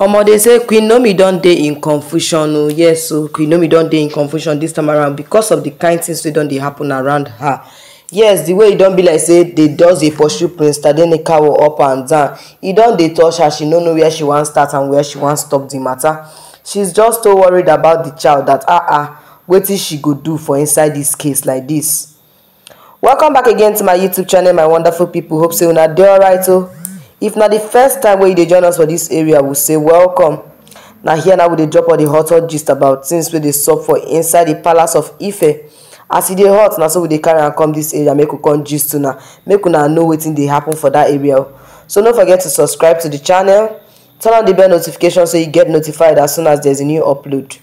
omo dey say queen nomi don dey in confusion o yes o queen nomi don dey in confusion this time around because of the kind things wey don dey happen around her yes the way e don be like say dey just dey pursue prince tadenikawo up and down e don dey touch her she no know where she wan start and where she wan stop the matter. she's just so worried about the child that ah ah wetin she go do for inside this case like this. welcome back again to my youtube channel my wonderful people hope say una dey alright o if na the first time where you join us for this area we say welcome Now here now we dey drop all the hot hot gist about tins where they sup for inside the palace of ife as it e dey hot now so we they carry and come this area make we come gist now make we now know wetin they happen for that area so don't forget to subscribe to the channel turn on the bell notification so you get notified as soon as there's a new upload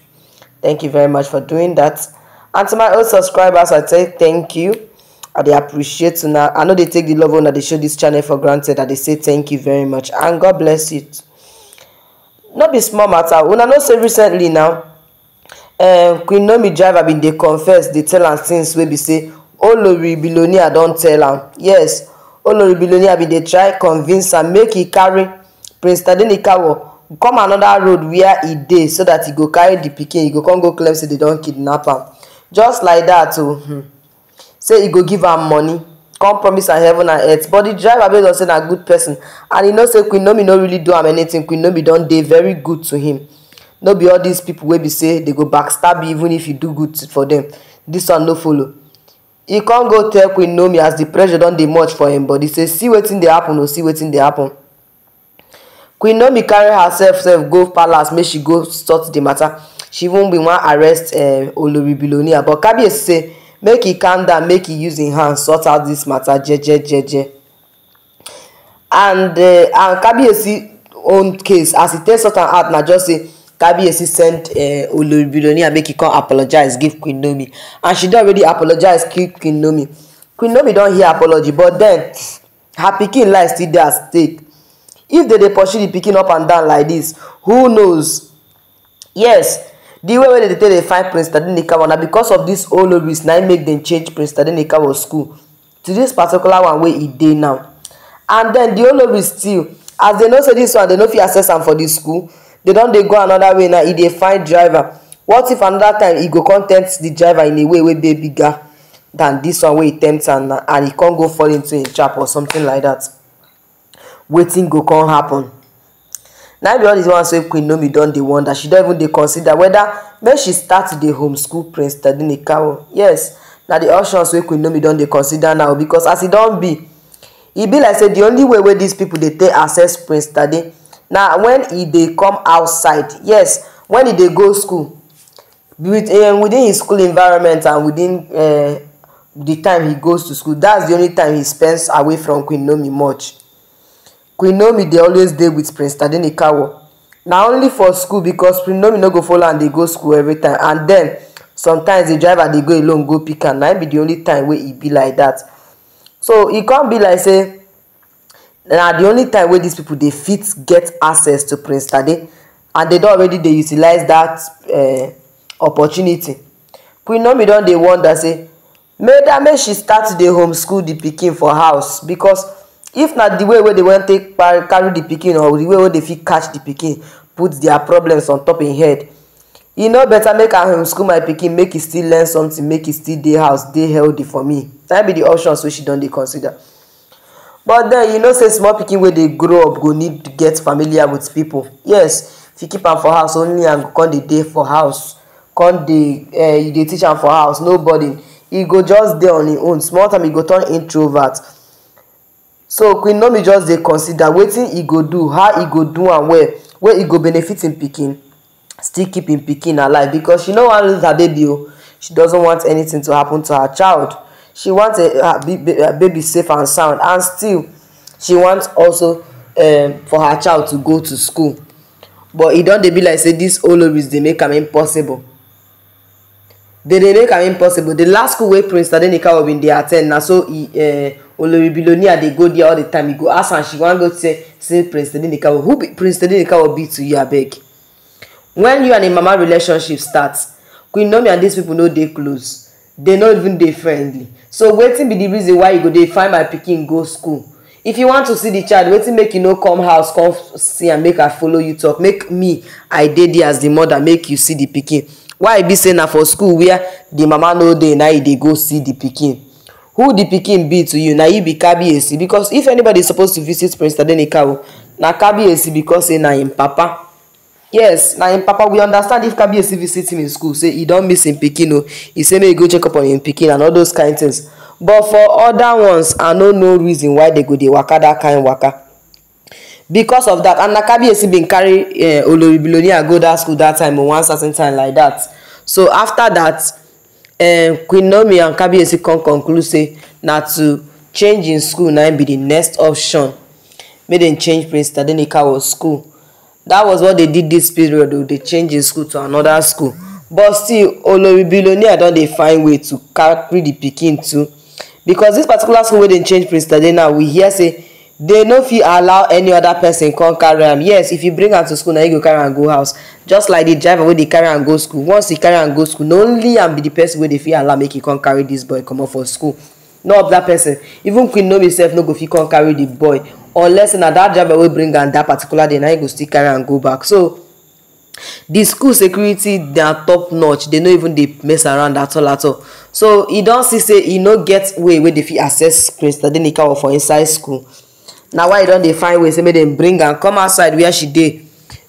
thank you very much for doing that and to my old subscribers i say thank you i dey appreciate now. i know they take the love una dey show this channel for granted That they say thank you very much and god bless it. Not be small matter When I know say recently now um, queen nomi have been they confess they tell am things We be say olori I don't tell am yes olori have been they try convince am make he carry prince tadenikawo come another road where he dey so that he go carry the pikin He go come go claim say they don't kidnap am just like dat o oh, hmm say he go give am money come promise am heaven and earth but the driver based on say na good person and he know say queen nomi no really do am anything queen nomi don dey very good to him no be all these people wey be say they go backstab you even if you do good for them. This one no follow He con go tell queen nomi as the pressure don dey much for im body say see wetin dey happen o oh, see wetin dey happen queen nomi carry herself sef go palace make she go sort di matter she even bin wan arrest eh, olori billionaire but kabiyesi say make e calm down make e use his hand sort out this matter jejejeje and uh, and kabiyesi own case as e takes sort am out na just say kabiyesi send uh, olori billionaire make e come apologize. give queen nomi and she don already apologise give queen nomi queen nomi don't hear apology but then, her picking lies still dey at stake if dem dey pursue di pikin up and down like this, who knows yes the way wey dem dey take dey find prince tadini kawo na because of this old oldies na im make dem change prince tadini kawo school to this particular one wey e dey now and then the old oldies still as dem know say this one dem no fit access am for di school dem don dey go another way now e dey find driver what if another time e go come tempt the driver in a way wey dey bigger than this one wey e tempt am and e come go fall into a trap or something like dat wetin go come happen na be all dis ones wey queen nomi don dey wonder she don even dey consider whether make she start to dey homeschool prince tadini kawo yes na di options wey queen nomi don dey consider now because as e don be e be like say di only way wey these people dey take access prince tade na when e dey come outside yes When e dey go school eh, within his school environment and within eh, the time he goes to school that's the only time he spends away from queen nomi much queen naomi dey always dey with prince tadini kawo na only for school because queen naomi no go follow am dey go school everytime and den sometimes di driver dey go alone go pick am na im be di only time wey e be like dat so e come be like say na di only time wey dis pipo dey fit get access to prince tade and dem don already dey utilise dat eh, opportunity queen naomi don dey wonder say make she start to dey homeschool di pikin for house becos if na the way wey they wan take carry the pikin or the way wey they fit catch the pikin put their problems on top im head e no better make i homeschool my pikin make e still learn something make e still dey house dey healthy for me That be the options wey she don dey consider but then you know say small pikin wey dey grow up go need get familiar with people. yes if you keep am for house only am go come dey dey for house con dey eh, you dey teach am for house no burden e go just dey on im e own small time e go turn introvert so queen nomi just dey consider wetin e go do how e go do am well wey e go benefit im pikin still keep im pikin alive because she no wan lose her baby o she doesn't want anything to happen to her child she want eh, her baby safe and sound and still she want also um, for her child to go to school but e don dey be like say this oloris dey make am impossible dey dey make am impossible the last school wey prince tadenikawa bin dey at ten d na so e uh, olori billionaire dey go there all the time you go ask am she wan go say, say prince teddy nikawo who be prince teddy will be to you abeg when you and im mama relationship start queen naomi and dis pipo no dey close dem no even dey friendly so wetin be di reason why you go dey find my pikin go school if you want to see di child wetin make you no come house come see am make i follow you talk make me i dey there as di mother make you see di pikin why e be say na for school where di mama no dey na e dey go see di pikin who the pikin be to you na you be kabiyesi because if anybody suppose to visit prince adenikawo oh, na kabiyesi because say na im papa yes na im papa we understand if kabiyesi visit him in school say he don miss im pikin o oh. he say make e go check up on im pikin and all those kind things but for other ones i no know reason why they go dey waka that kind waka because of that and na kabiyesi bin carry uh, eh, olori bilonia go that school that time on oh, one certain time like that so after that um, queen naomi and kabiyesi come conclude say na to change in school na be the next option make dem change prince tadenikawo school That was what they did this period o dey change in school to another school but still olori billionaire don dey find way to carry the pikin too because this particular school wey dem change prince tadena we hear say They no fit allow any other person come carry am yes if you bring am to school na you go carry am go house just like the driver wey dey carry am go school once e carry am go school na only am be the person wey dey fit allow make e come carry this boy comot for school no other person even queen nomi sef no go fit come carry the boy unless na that driver wey bring am that particular day na im go still carry am go back so the school security na top notch They no even dey mess around at all at all so e don see say e no get way wey dey fit access prince tadenikawa for inside school na why e don dey find way say make dem bring am come outside where she dey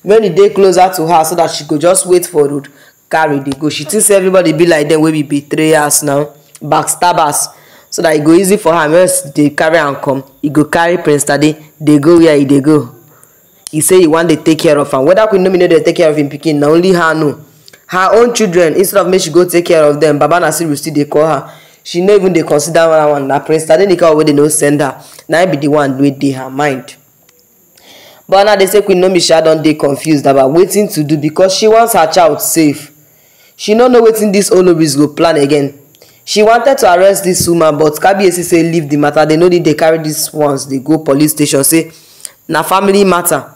wen e dey closer to her so that she go just wait for road carry dey go she think say everybody be like dem wey be betrayers now backstabbers so that e go easy for her wen she dey carry am come e go carry prince tade dey go where e dey go e say e wan dey take care of am whether queen nomi no dey take care of im pikin na only her know her own children instead of make she go take care of them. baba nasiru still dey call her she no even dey consider one one na prince tadenika wey dey no send her na be the one wey dey her mind but now they say queen nomisha don dey confused about wetin to do because she wants her child safe she no know wetin dis olobis go plan again she wanted to arrest this woman but kabiyesi say leave the matter They no need dey carry this ones dey go police station say na family matter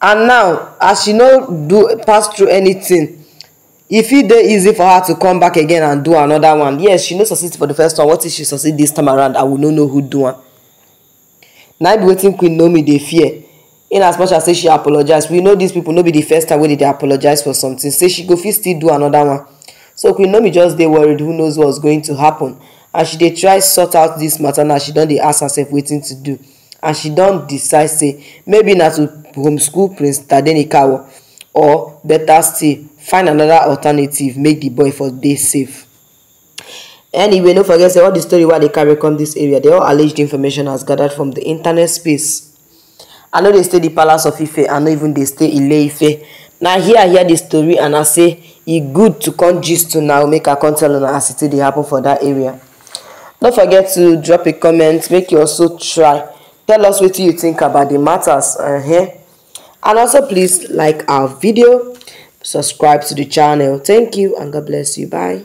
and now as she no do pass through anything If it' dey easy for her to come back again and do another one yes she no succeed for the first one what if she succeed this time around I will no know who do am na be wetin queen nomi dey fear in as much as say she apologize we know these people no be the first time wey they dey apologize for something say she go fit still do another one so queen nomi just dey worried who knows what's going to happen and she dey try sort out this matter now she don dey ask herself wetin to do and she don decide say maybe na to homeschool prince tadenikawo or better still find another alternative make the boy for dey safe anyway no forget say all the story wey dey carry come this area They all alleged information as gathered from the internet space i no dey stay the palace of ife i no even dey stay ile ife na here i hear the story and i say e good to come gist to now make i come tell una as e dey happen for that area no forget to drop a comment make you also try tell us wetin you think about the matters uh -huh. and also please like our video subscribe to the channel thank you and god bless you bye